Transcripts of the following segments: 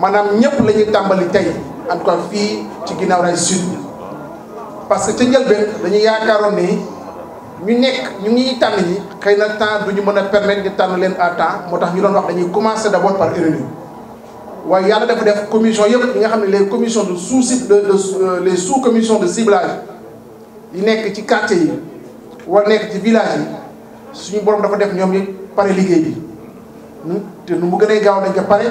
maanaam ñëpp la ñuy tàmbali tey en tout cas fii ci ginnaaw raay sud parce que njëlbeen dañu yaakaaroon ni ñu nekk ñu ngi tànn ñi xëy na temps du ñu mën a permettre ñu tànn leen à temps moo tax ñu doon wax dañuy commencer d'abord par RNU waaye yàlla dafa def commission yëpp yi nga xam ne les commissions de sous euh, les sous commissions de yi nekk ci quartier yi wala nekk ci village yi suñu borom dafa def ñoom ñi pare liggéey bi hmm? te nu mu gën gaaw dañ ko pare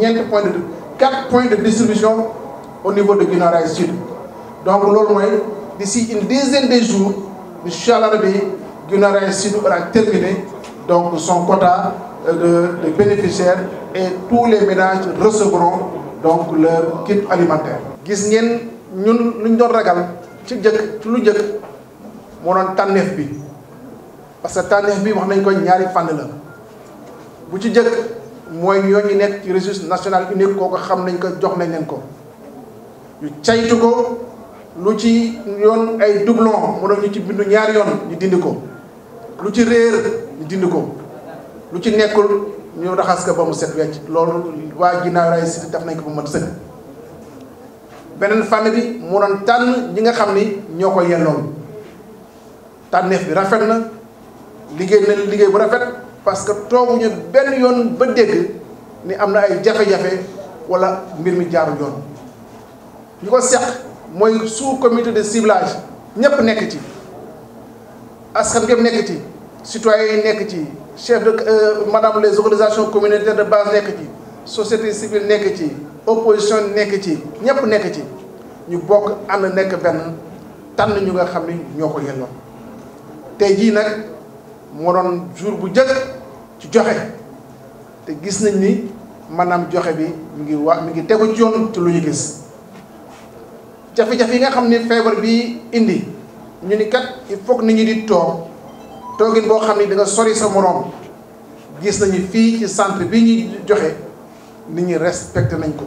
4 point de 4 points de distribution au niveau de Guinaray Sud donc d'ici une dizaine de jours Inch'Allah allah rabi Sud aura terminé donc son quota euh, de de bénéficiaires et tous les ménages recevront donc leur kit alimentaire. nous avons ñun luñ doon ragal ci jëkk lu doon bi parce que nous bi wax nañ ko ñaari fànn bu ci mooy yoon yi nekk ci registre national unique kooku xam nañ ko jox na leen ko ñu caytu ko lu ci yoon ay doublon mu doon ñu ci bindu ñaari yoon ñu dindi ko lu ci réer ñu dindi ko lu ci nekkul ñu raxas ko ba mu set wecc loolu waa ginnaaw raay cité def nañ ko ba mat sëkk beneen fànn bi mu doon tànn ñi nga xam ni ñoo ko yelloon tànneef bi rafet na liggéey na liggéey bu rafet parce que tooguñu benn yoon ba dégg ni amna ay jafé jafé wala mbir mi jaarul yoon ñu ko seq sous comité de ciblage ñëpp nekk ci askan gépp nekk ci citoyens yi nekk ci chef de euh, madame les organisations communautaires de base nekk ci société civile nekk ci opposition nekk ci ñepp nekk ci ñu bok and nekk ben tànn ñu nga xamni ñoko ñoo tay ji nak moo doon jour bu jëkk ci joxe te gis nañ ni maanaam joxe bi mu ngi wa mi ngi tegu ci yoon lu ñu gis jafe-jafe yi nga xam ni feebar bi indi ñu ni kat il faut ni ñu ñi di toog toogin boo xam ni da nga sori sa moroom gis nañu fii ci centre bi ñuy joxe nit ñi respecté nañ ko